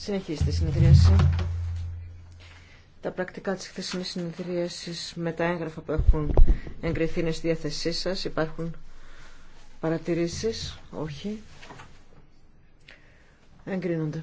Συνεχίζει τη συνεδρίαση. Τα πρακτικά της χθεσινής συνεδρίασης με τα έγγραφα που έχουν εγκριθεί είναι στη διάθεσή σας. Υπάρχουν παρατηρήσεις. Όχι. Εγκρίνονται.